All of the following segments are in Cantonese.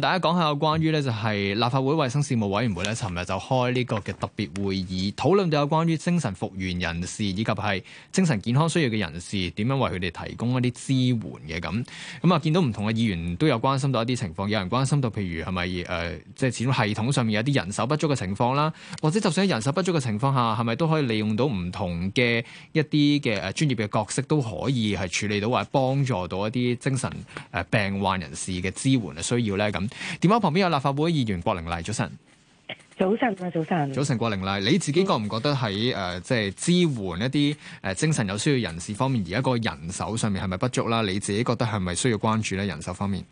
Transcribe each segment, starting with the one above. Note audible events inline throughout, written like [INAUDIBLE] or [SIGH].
大家講下有關於咧，就係立法會衞生事務委員會咧，尋日就開呢個嘅特別會議，討論到有關於精神復原人士以及係精神健康需要嘅人士點樣為佢哋提供一啲支援嘅咁。咁啊，見到唔同嘅議員都有關心到一啲情況，有人關心到譬如係咪誒，即係，呃，始終系統上面有啲人手不足嘅情況啦，或者就算喺人手不足嘅情況下，係咪都可以利用到唔同嘅一啲嘅誒專業嘅角色都可以係處理到或者幫助到一啲精神誒病患人士嘅支援嘅需要呢。咁。電話旁邊有立法會議員郭玲麗，早晨，早晨，早晨啊，早晨，早晨郭玲麗，你自己覺唔覺得喺誒，即、呃、係、就是、支援一啲誒精神有需要人士方面，而家個人手上面係咪不足啦？你自己覺得係咪需要關注咧人手方面？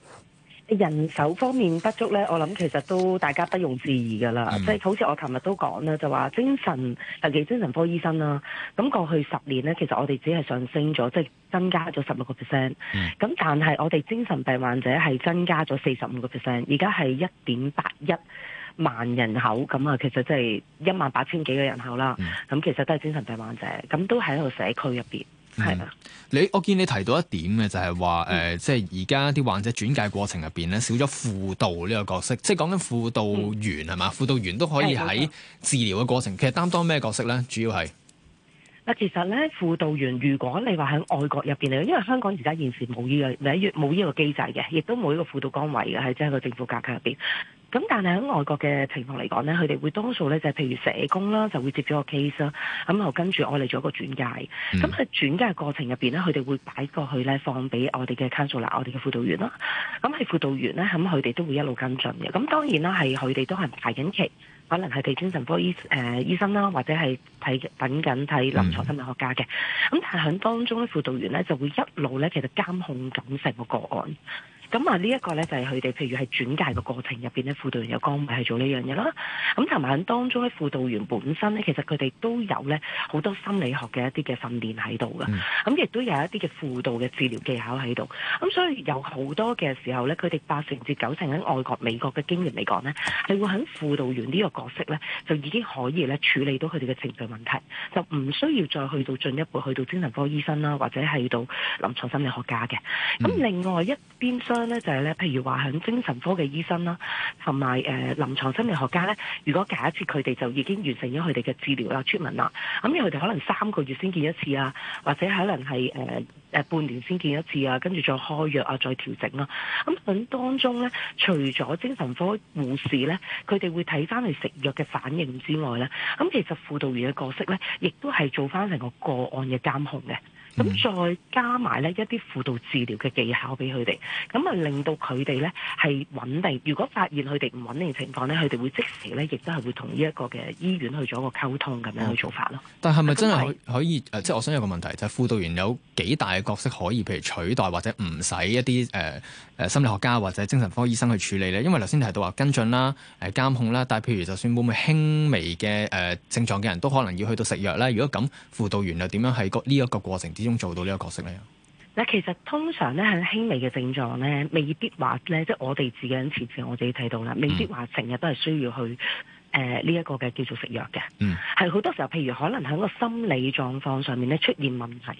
人手方面不足咧，我諗其實都大家不用置疑噶啦。即係、嗯、好似我琴日都講啦，就話精神尤其精神科醫生啦。咁過去十年咧，其實我哋只係上升咗，即、就、係、是、增加咗十六個 percent。咁、嗯、但係我哋精神病患者係增加咗四十五個 percent，而家係一點八一萬人口，咁啊，其實即係一萬八千幾個人口啦。咁、嗯、其實都係精神病患者，咁都喺度社區入邊。係啊，mm hmm. 吧你我見你提到一點嘅就係話，誒、呃，即係而家啲患者轉介過程入邊咧，少咗輔導呢個角色，即係講緊輔導員係嘛？輔、嗯、導員都可以喺治療嘅過程，其實擔當咩角色咧？主要係，嗱，其實咧，輔導員如果你話喺外國入邊嚟，因為香港而家現時冇呢個機，第一冇呢個機制嘅，亦都冇呢個輔導崗位嘅，係即係個政府架構入邊。咁但係喺外國嘅情況嚟講咧，佢哋會多數咧就係譬如社工啦，就會接咗個 case 啦，咁後跟住我哋做一個轉介。咁喺、嗯、轉介過程入邊咧，佢哋會擺過去咧放俾我哋嘅 counselor 啦，我哋嘅輔導員啦。咁係輔導員咧，咁佢哋都會一路跟進嘅。咁當然啦，係佢哋都係排緊期，可能係睇精神科醫誒、呃、醫生啦，或者係睇等緊睇臨床心理學家嘅。咁、嗯、但係喺當中咧，輔導員咧就會一路咧其實監控緊成個個案。咁啊，呢一、嗯、個咧就係佢哋，譬如係轉介嘅過程入邊咧，輔導員有崗位係做呢樣嘢啦。咁同埋喺當中咧，輔導員本身咧，其實佢哋都有咧好多心理學嘅一啲嘅訓練喺度嘅。咁亦都有一啲嘅輔導嘅治療技巧喺度。咁所以有好多嘅時候咧，佢哋八成至九成喺外國美國嘅經驗嚟講咧，係會喺輔導員呢個角色咧，就已經可以咧處理到佢哋嘅情緒問題，就唔需要再去到進一步去到精神科醫生啦，或者係到臨床心理學家嘅。咁、嗯、另外一邊咧就係咧，譬如話響精神科嘅醫生啦，同埋誒臨床心理學家咧，如果假設佢哋就已經完成咗佢哋嘅治療又出門啦，咁因為佢哋可能三個月先見一次啊，或者可能係誒誒半年先見一次啊，跟住再開藥啊，再調整啦。咁、啊、喺當中咧，除咗精神科護士咧，佢哋會睇翻係食藥嘅反應之外咧，咁、啊、其實輔導員嘅角色咧，亦都係做翻成個個案嘅監控嘅。咁、嗯、再加埋咧一啲輔導治療嘅技巧俾佢哋，咁啊令到佢哋咧係穩定。如果發現佢哋唔穩定情況咧，佢哋會即時咧亦都係會同呢一個嘅醫院去做一個溝通咁樣去做法咯、嗯。但係咪真係可以？在可以呃、即係我想有個問題，就係、是、輔導員有幾大嘅角色可以，譬如取代或者唔使一啲誒誒心理學家或者精神科醫生去處理咧？因為頭先提到話跟進啦、誒、呃、監控啦，但係譬如就算冇乜輕微嘅誒症狀嘅人都可能要去到食藥咧。如果咁輔導員又點樣喺呢一個過程之？用做到呢個角色咧？嗱，其實通常咧，很輕微嘅症狀咧，未必話咧，即係我哋自己喺設置，我自己睇到啦，未必話成日都係需要去。誒呢一個嘅叫做食藥嘅，係好、嗯、多時候，譬如可能喺個心理狀況上面咧出現問題，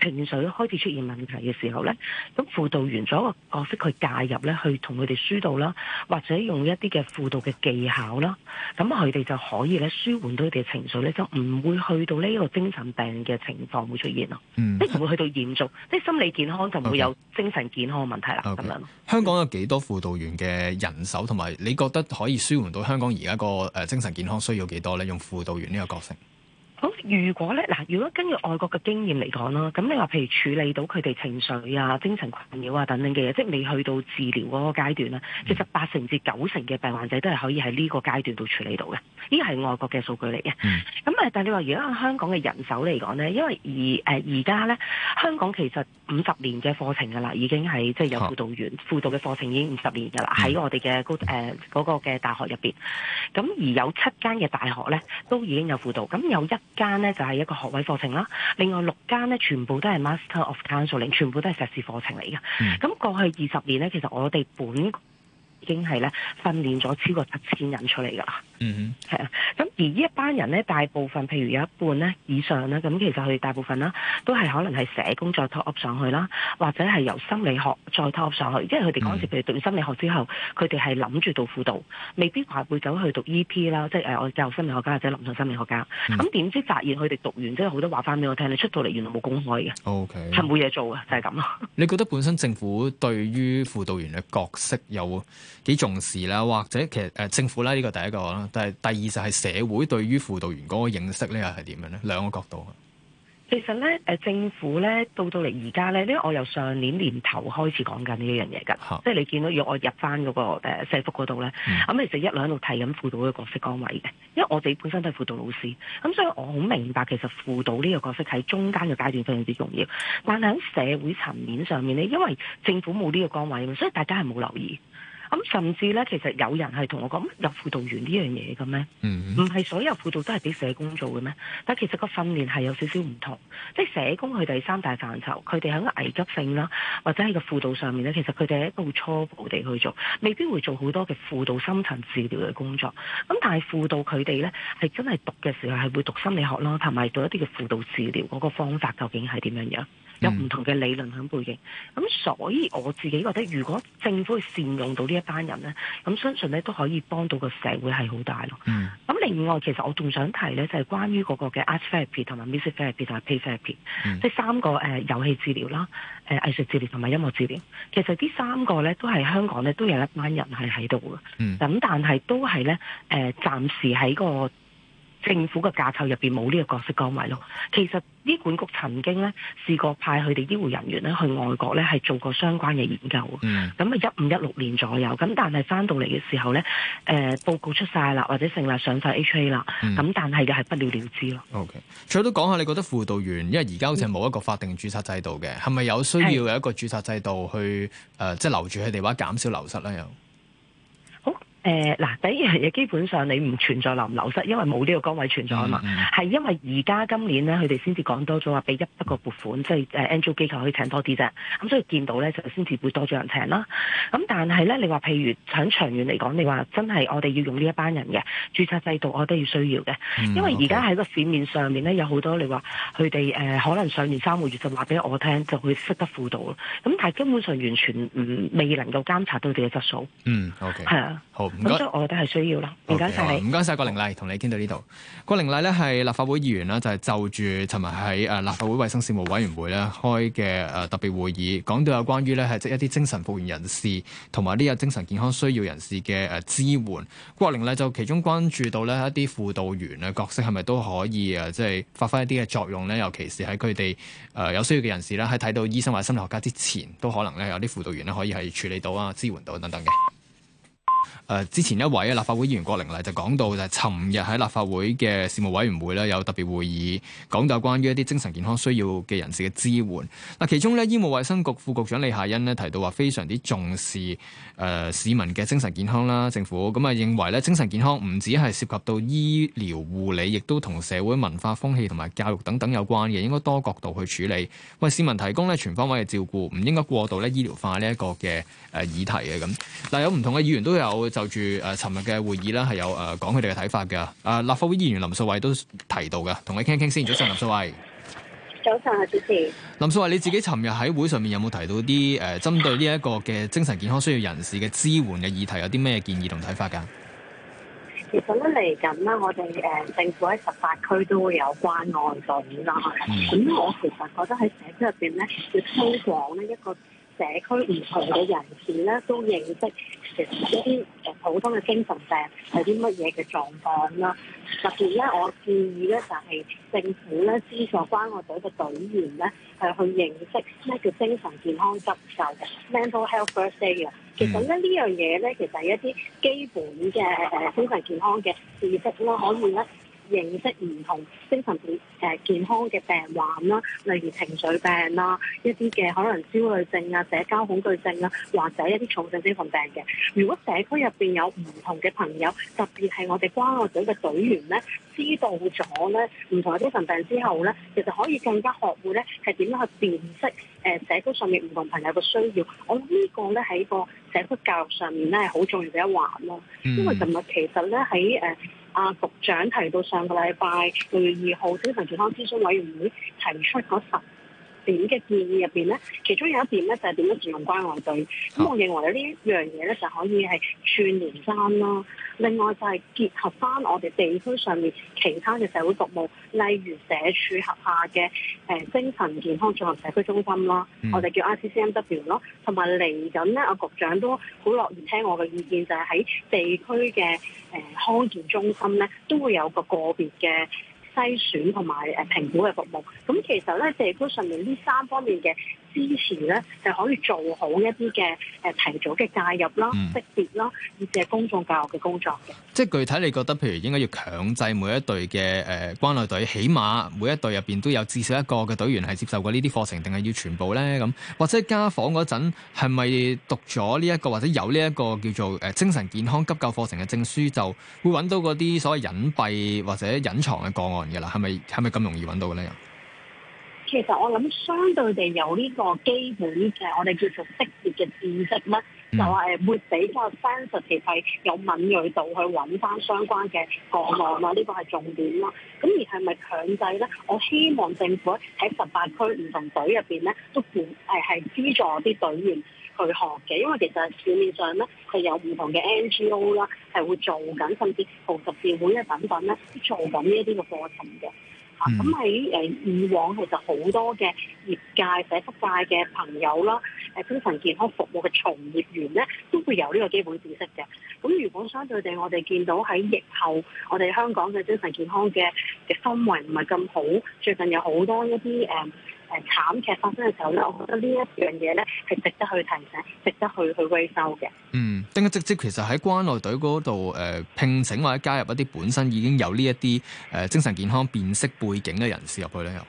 情緒開始出現問題嘅時候咧，咁輔導員做一個角色去介入咧，去同佢哋疏導啦，或者用一啲嘅輔導嘅技巧啦，咁佢哋就可以咧舒緩到佢哋嘅情緒咧，就唔會去到呢個精神病嘅情況會出現咯，嗯、即唔會去到嚴重，即係心理健康就唔會有精神健康嘅問題啦，咁 Okay. 樣。Okay. 香港有幾多輔導員嘅人手，同埋你覺得可以舒緩到香港而家個？呃精神健康需要幾多咧？用輔導員呢個角色。好，如果咧嗱，如果根據外國嘅經驗嚟講咯，咁你話譬如處理到佢哋情緒啊、精神困擾啊等等嘅嘢，即係未去到治療嗰個階段啦，嗯、其實八成至九成嘅病患者都係可以喺呢個階段度處理到嘅，呢個係外國嘅數據嚟嘅。咁啊、嗯，但係你話如果按香港嘅人手嚟講咧，因為而誒而家咧香港其實五十年嘅課程㗎啦，已經係即係有輔導員、哦、輔導嘅課程已經五十年㗎啦，喺我哋嘅高誒嗰、呃嗰個嘅大學入邊。咁而有七間嘅大學咧都已經有輔導，咁有一間咧就係一個學位課程啦，另外六間咧全部都係 Master of Counselling，全部都係碩士課程嚟嘅。咁、mm hmm。過去二十年咧，其實我哋本已經係咧訓練咗超過七千人出嚟噶啦。嗯、mm，係、hmm。啊。咁而呢一班人咧，大部分譬如有一半咧以上咧，咁其實佢哋大部分啦，都係可能係社工再 top up 上去啦，或者係由心理學再 top up 上去，因為佢哋嗰時譬如讀完心理學之後，佢哋係諗住到輔導未必話會走去讀 E.P. 啦，即係誒我教育心理學家或者臨牀心理學家。咁點、嗯、知發現佢哋讀完真係好多話翻俾我聽，你出到嚟原來冇公開嘅，OK 係冇嘢做嘅，就係咁咯。你覺得本身政府對於輔導員嘅角色有幾重視啦？ [LAUGHS] 或者其實誒、呃、政府啦，呢個第一個啦，但係第二就係、是。社會對於輔導員嗰個認識咧，又係點樣呢？兩個角度。其實呢，誒、呃、政府呢，到到嚟而家呢，因為我由上年年頭開始講緊呢一樣嘢噶，哈即係你見到若我入翻嗰個社福嗰度呢，咁、嗯、其實一路喺度睇緊輔導嘅角色崗位嘅，因為我自己本身都係輔導老師，咁、嗯、所以我好明白其實輔導呢個角色喺中間嘅階段非常之重要，但係喺社會層面上面呢，因為政府冇呢個崗位，所以大家係冇留意。咁甚至咧，其實有人係同我講入輔導員呢樣嘢嘅咩？唔係、mm hmm. 所有輔導都係俾社工做嘅咩？但其實個訓練係有少少唔同，即係社工佢哋三大範疇，佢哋喺個危急性啦，或者係個輔導上面咧，其實佢哋係一個會初步地去做，未必會做好多嘅輔導深層治療嘅工作。咁但係輔導佢哋咧，係真係讀嘅時候係會讀心理學啦，同埋讀一啲嘅輔導治療嗰個方法究竟係點樣樣？有唔同嘅理論響背景，咁所以我自己覺得，如果政府去善用到呢一班人咧，咁相信咧都可以幫到個社會係好大咯。咁 [NOISE] 另外其實我仲想提咧，就係、是、關於嗰個嘅 art therapy 同埋 music therapy 同埋 play therapy，即係三個誒、呃、遊戲治療啦、誒、呃、藝術治療同埋音樂治療。其實呢三個咧都係香港咧都有一班人係喺度嘅，咁 [NOISE] 但係都係咧誒暫時喺個。政府嘅架構入邊冇呢個角色崗位咯。其實醫管局曾經咧試過派佢哋醫護人員咧去外國咧係做過相關嘅研究。咁啊一五一六年左右，咁但係翻到嚟嘅時候咧，誒、呃、報告出晒啦，或者成立上晒 HA 啦，咁、嗯、但係又係不了了之咯。OK，再都講下你覺得輔導員，因為而家好似冇一個法定註冊制度嘅，係咪、嗯、有需要有一個註冊制度去誒，即、呃、係、就是、留住佢哋或者減少流失咧？又？誒嗱，第一樣嘢基本上你唔存在流流失，嗯、因為冇呢個崗位存在啊嘛。係因為而家今年咧，佢哋先至講多咗話俾一筆個撥款，嗯、即係誒 NGO 機構可以請多啲啫。咁、嗯、所以見到咧就先至會多咗人請啦。咁、嗯、但係咧，你話譬如喺長遠嚟講，你話真係我哋要用呢一班人嘅註冊制度，我覺得要需要嘅，因為而家喺個市面上面咧有好多你話佢哋誒可能上年三個月就話俾我聽，就會識得輔導啦。咁、嗯、但係根本上完全唔未能夠監察到佢哋嘅質素。嗯，OK，係啊是，咁都我覺得係需要啦。唔該曬，唔該曬，郭玲麗，同你傾到呢度。郭玲麗咧係立法會議員啦，就係、是、就住尋日喺誒立法會衞生事務委員會咧開嘅誒特別會議，講到有關於咧係即一啲精神復原人士同埋呢個精神健康需要人士嘅誒支援。郭玲麗就其中關注到咧一啲輔導員嘅角色係咪都可以啊，即、就、係、是、發揮一啲嘅作用咧？尤其是喺佢哋誒有需要嘅人士咧，喺睇到醫生或者心理學家之前，都可能咧有啲輔導員咧可以係處理到啊、支援到等等嘅。誒、呃、之前一位立法會議員郭玲麗就講到，就係尋日喺立法會嘅事務委員會咧有特別會議，講到關於一啲精神健康需要嘅人士嘅支援。嗱、呃，其中咧醫務衛生局副局長李夏欣呢提到話，非常之重視誒、呃、市民嘅精神健康啦。政府咁啊認為咧精神健康唔止係涉及到醫療護理，亦都同社會文化風氣同埋教育等等有關嘅，應該多角度去處理。為市民提供咧全方位嘅照顧，唔應該過度咧醫療化呢一個嘅誒議題嘅咁。嗱，但有唔同嘅議員都有。就住誒，尋日嘅會議啦，係有誒講佢哋嘅睇法嘅。啊，立法會議員林素蔚都提到嘅，同你傾一傾先。早晨，林素蔚，早晨，主持。林素蔚，你自己尋日喺會上面有冇提到啲誒，針對呢一個嘅精神健康需要人士嘅支援嘅議題，有啲咩建議同睇法㗎？其實咧，嚟緊啦，我哋誒政府喺十八區都會有關愛隊啦。咁我其實覺得喺社會入邊咧，要推廣咧一個。社區唔同嘅人士咧都認識其實一啲誒、呃、普通嘅精神病係啲乜嘢嘅狀況啦。特別咧，我建議咧就係、是、政府咧資助關愛隊嘅隊員咧係去認識咩叫精神健康急救嘅。Mental Health First Aid，其實咧呢樣嘢咧其實係一啲基本嘅誒、呃、精神健康嘅知識咯，可以咧。認識唔同精神健、呃、健康嘅病患啦，例如情緒病啦、啊，一啲嘅可能焦慮症啊、社交恐懼症啊，或者一啲重症精神病嘅。如果社區入邊有唔同嘅朋友，特別我係我哋關愛隊嘅隊員咧，知道咗咧唔同嘅精神病之後咧，其實可以更加學會咧係點樣去辨識誒、呃、社區上面唔同朋友嘅需要。我個呢個咧喺個社區教育上面咧係好重要嘅一環咯。因為琴日其實咧喺誒。啊，局長提到上個禮拜六月二號，精 [LAUGHS] 神健康諮詢委員會提出咗十點嘅建議入邊咧，其中有一點咧就係點樣自動關愛隊，咁我認為呢一樣嘢咧就可以係串聯翻啦。另外就係結合翻我哋地區上面其他嘅社會服務，例如社署轄下嘅誒精神健康綜合社區中心啦，我哋叫 I C C M W 咯，同埋嚟緊咧，阿局長都好樂意聽我嘅意見，就係、是、喺地區嘅誒康健中心咧，都會有個個別嘅。篩選同埋誒評估嘅服務，咁其實咧，地區上面呢三方面嘅。支持咧就可以做好一啲嘅誒提早嘅介入啦、識別啦，以及公眾教育嘅工作嘅。即係具體你覺得，譬如應該要強制每一隊嘅誒、呃、關愛隊，起碼每一隊入邊都有至少一個嘅隊員係接受過呢啲課程，定係要全部咧咁？或者家訪嗰陣係咪讀咗呢一個或者有呢一個叫做誒精神健康急救課程嘅證書就會揾到嗰啲所謂隱蔽或者隱藏嘅個案嘅啦？係咪係咪咁容易揾到嘅咧？其實我諗相對地有呢個基本嘅，我哋叫做識別嘅知識咧，mm. 就話誒會比較實質地係有敏鋭度去揾翻相關嘅個案啦，呢、這個係重點啦。咁而係咪強制咧？我希望政府喺十八區唔同隊入邊咧都誒係資助啲隊員去學嘅，因為其實市面上咧係有唔同嘅 NGO 啦，係會做緊甚至紅十字會嘅等等咧做緊呢一啲嘅課程嘅。咁喺誒以往，其實好多嘅業界、社福界嘅朋友啦，誒精神健康服務嘅從業員咧，都會有呢個基本知識嘅。咁如果相對地，我哋見到喺疫後，我哋香港嘅精神健康嘅嘅氛圍唔係咁好，最近有好多一啲誒。誒慘劇發生嘅時候呢，我覺得呢一樣嘢呢係值得去提醒、值得去去維修嘅。嗯，定係直接其實喺關內隊嗰度誒聘請或者加入一啲本身已經有呢一啲誒精神健康辨識背景嘅人士入去呢？又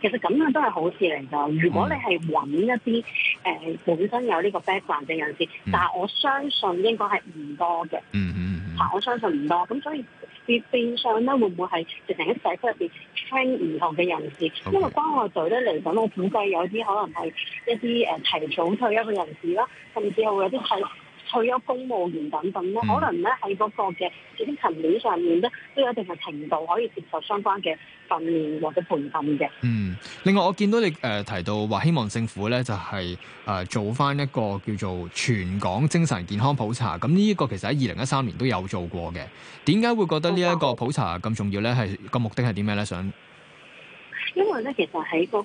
其實咁樣都係好事嚟㗎。如果你係揾一啲誒、呃、本身有呢個 background 嘅人士，嗯、但係我相信應該係唔多嘅、嗯。嗯嗯，嗯我相信唔多。咁所以。啲變相咧，會唔會係直情喺社區入邊 train 唔同嘅人士？因為關愛隊咧嚟講，我估計有啲可能係一啲誒、呃、提早退休嘅人士啦，甚至係會有啲係，去咗公務員等等咧，可能咧喺嗰個嘅啲層面上面咧，都有一定嘅程度可以接受相關嘅訓練或者培訓嘅。嗯，另外我見到你誒提到話希望政府咧就係誒做翻一個叫做全港精神健康普查，咁呢一個其實喺二零一三年都有做過嘅。點解會覺得呢一個普查咁重要咧？係個目的係點咩咧？想？因為咧，其實喺嗰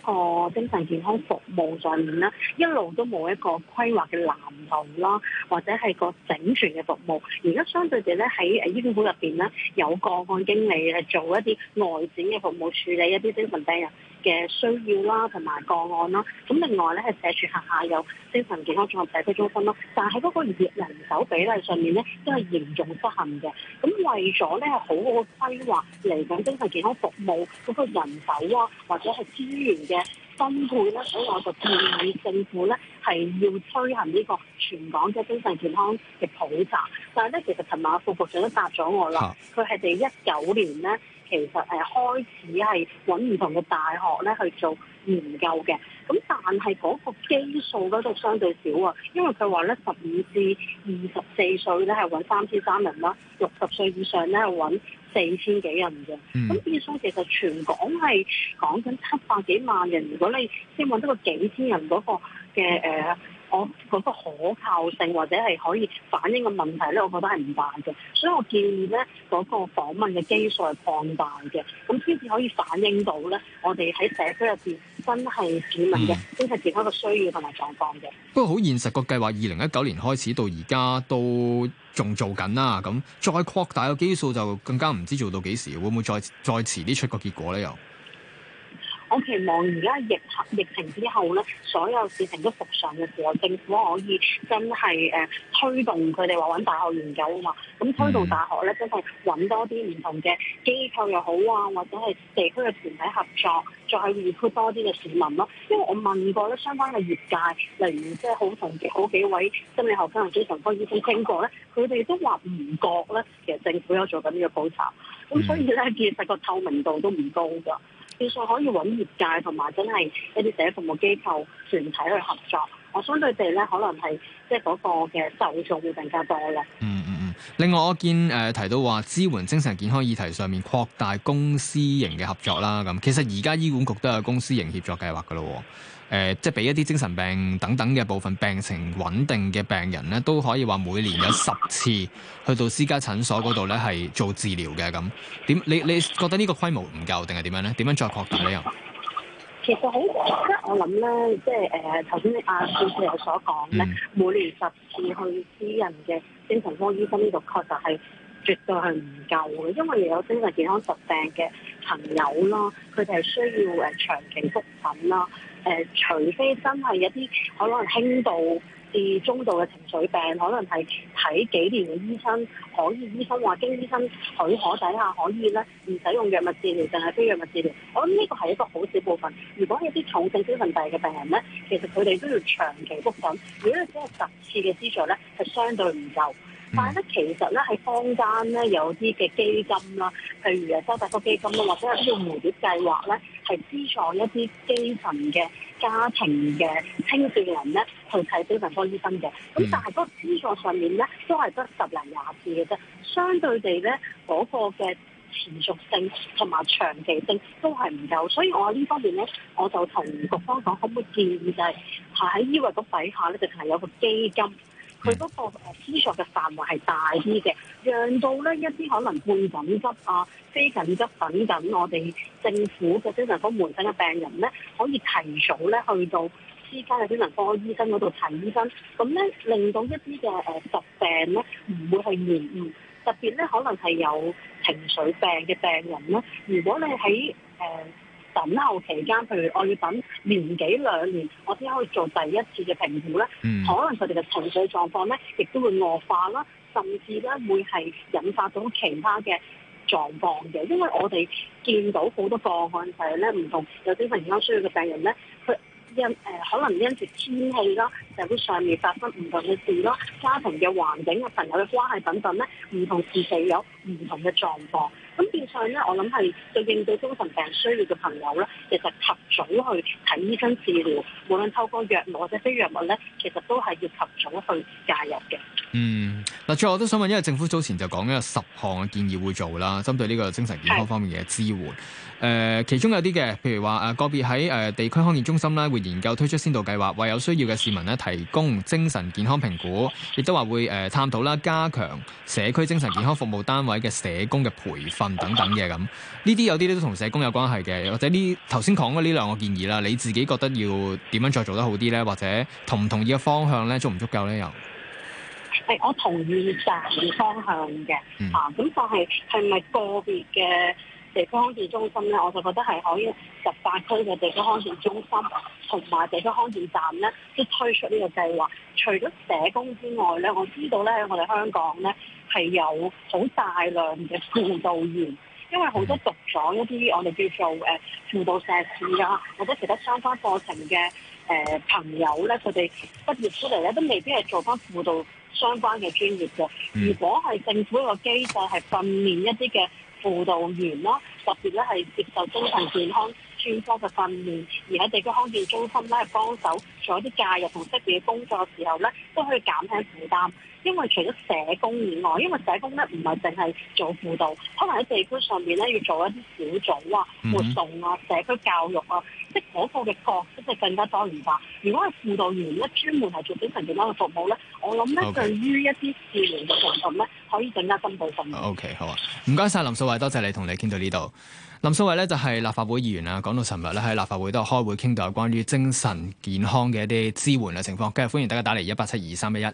個精神健康服務上面咧，一路都冇一個規劃嘅藍圖啦，或者係個整全嘅服務。而家相對地咧，喺醫院入邊咧，有個案經理咧做一啲外展嘅服務，處理一啲精神病人。嘅需要啦，同埋個案啦，咁另外咧係社署轄下有精神健康綜合社區中心咯，但係喺嗰個人手比例上面咧都係嚴重失衡嘅。咁為咗咧係好好規劃嚟緊精神健康服務嗰個人手啊，或者係資源嘅分配咧，所以我就建議政府咧係要推行呢個全港嘅精神健康嘅普查。但係咧，其實琴晚副局長都答咗我啦，佢係第一九年咧。其實誒開始係揾唔同嘅大學咧去做研究嘅，咁但係嗰個基數嗰度相對少啊，因為佢話咧十五至二十四歲咧係揾三千三人啦，六十歲以上咧係揾四千幾人嘅，咁基數其實全港係講緊七百幾萬人，如果你先揾到個幾千人嗰個嘅誒。呃我嗰個可靠性或者係可以反映嘅問題咧，我覺得係唔大嘅，所以我建議咧嗰、嗰個訪問嘅基數係擴大嘅，咁先至可以反映到咧我哋喺社區入邊真係市民嘅真係其他嘅需要同埋狀況嘅。嗯、不過好現實，個計劃二零一九年開始到而家都仲做緊啦，咁再擴大個基數就更加唔知做到幾時，會唔會再再遲啲出個結果咧又？我期望而家疫情疫情之後咧，所有事情都復常嘅時候，政府可以真係誒、呃、推動佢哋話揾大學研究啊嘛。咁推動大學咧，真係揾多啲唔同嘅機構又好啊，或者係地區嘅團體合作，再去 recruit 多啲嘅市民咯。因為我問過咧相關嘅業界，例如即係好同好嗰幾位心理學家同精神科醫生傾過咧，佢哋都話唔覺咧，其實政府有做緊呢個普查。咁所以咧，其實個透明度都唔高㗎。變相可以揾業界同埋真係一啲社服務機構全體去合作，我相對地哋咧可能係即係嗰個嘅受眾會更加多咯。嗯 [NOISE] 另外，我見誒、呃、提到話支援精神健康議題上面擴大公私營嘅合作啦，咁其實而家醫管局都有公私營協作計劃嘅咯，誒、呃，即係俾一啲精神病等等嘅部分病情穩定嘅病人咧，都可以話每年有十次去到私家診所嗰度咧係做治療嘅咁。點你你，你覺得呢個規模唔夠定係點樣咧？點樣再擴大呢？咧？其實好、這個，即係我諗咧，即係誒頭先阿顧師有所講咧，每年十次去私人嘅精神科醫生呢度，確實係絕對係唔夠嘅，因為你有精神健康疾病嘅朋友啦，佢哋係需要誒長期復診啦。誒、呃，除非真係一啲可能輕度至中度嘅情緒病，可能係睇幾年嘅醫生，可以醫生或經醫生許可底下可以咧，唔使用，用藥物治療定係非藥物治療。我諗呢個係一個好少部分。如果係啲重症精神病嘅病人咧，其實佢哋都要長期覆診。如果係只係十次嘅資助咧，係相對唔夠。但係咧，其實咧喺坊間咧有啲嘅基金啦，譬如誒三百科基金啦，或者係呢個蝴蝶計劃咧。係資助一啲基層嘅家庭嘅青少年人咧去睇精神科醫生嘅，咁但係嗰個資助上面咧都係得十零廿次嘅啫，相對地咧嗰、嗰個嘅持續性同埋長期性都係唔夠，所以我喺呢方面咧我就同局方講可唔可以建議就係喺醫衞局底下咧就係有個基金。佢嗰個誒資助嘅範圍係大啲嘅，讓到咧一啲可能半緊急啊、非緊急、等等。我哋政府嘅精神科門診嘅病人咧，可以提早咧去到私家嘅精神科醫生嗰度睇醫生，咁咧令到一啲嘅誒疾病咧唔會去延誤，特別咧可能係有情緒病嘅病人咧，如果你喺誒。等候期間，譬如我要等年幾兩年，我先可以做第一次嘅評估咧，嗯、可能佢哋嘅情緒狀況咧，亦都會惡化啦，甚至咧會係引發到其他嘅狀況嘅。因為我哋見到好多個案就係咧，唔同有啲精神上需要嘅病人咧，佢因誒可能因住天氣啦，社會上面發生唔同嘅事咯，家庭嘅環境、嘅朋友嘅關係等等咧，唔同事情有唔同嘅狀況。咁變相咧，我諗係對應到精神病需要嘅朋友咧，其實及早去睇醫生治療，無論透過藥物或者非藥物咧，其實都係要及早去介入嘅。嗯，嗱，最後我都想問，因為政府早前就講咗有十項嘅建議會做啦，針對呢個精神健康方面嘅支援。誒、呃，其中有啲嘅，譬如話誒個別喺誒地區康健中心啦，會研究推出先導計劃，為有需要嘅市民咧提供精神健康評估，亦都話會誒、呃、探討啦加強社區精神健康服務單位嘅社工嘅培訓等等嘅。咁呢啲有啲都同社工有關係嘅，或者呢頭先講嘅呢兩個建議啦，你自己覺得要點樣再做得好啲咧？或者同唔同意嘅方向咧，足唔足夠咧？又？係，我同意大方向嘅，mm. 啊，咁但係係咪個別嘅地區康健中心咧，我就覺得係可以十八區嘅地區康健中心同埋地區康健站咧，都推出呢個計劃。除咗社工之外咧，我知道咧喺我哋香港咧係有好大量嘅輔導員，因為好多讀咗一啲我哋叫做誒、呃、輔導碩士啊，或者其他相關課程嘅誒、呃、朋友咧，佢哋畢業出嚟咧都未必係做翻輔導。相關嘅專業嘅，如果係政府一個機制，係訓練一啲嘅輔導員啦，特別咧係接受精神健康專科嘅訓練，而喺地區康健中心咧幫手做一啲介入同職業工作嘅時候咧，都可以減輕負擔。因為除咗社工以外，因為社工咧唔係淨係做輔導，可能喺地區上邊咧要做一啲小組啊、活動啊、社區教育啊，即係嗰個嘅角色即係更加多元化。如果係輔導員咧，專門係做精神健康嘅服務咧，我諗咧對於一啲市民嘅群眾咧，可以更加分佈份。O K，好啊，唔該曬林素蔚，多謝你同你傾到呢度。林素蔚咧就係立法會議員啦，講到尋日咧喺立法會都有開會傾到關於精神健康嘅一啲支援嘅情況，今日歡迎大家打嚟一八七二三一一。1, 8, 7, 2, 3,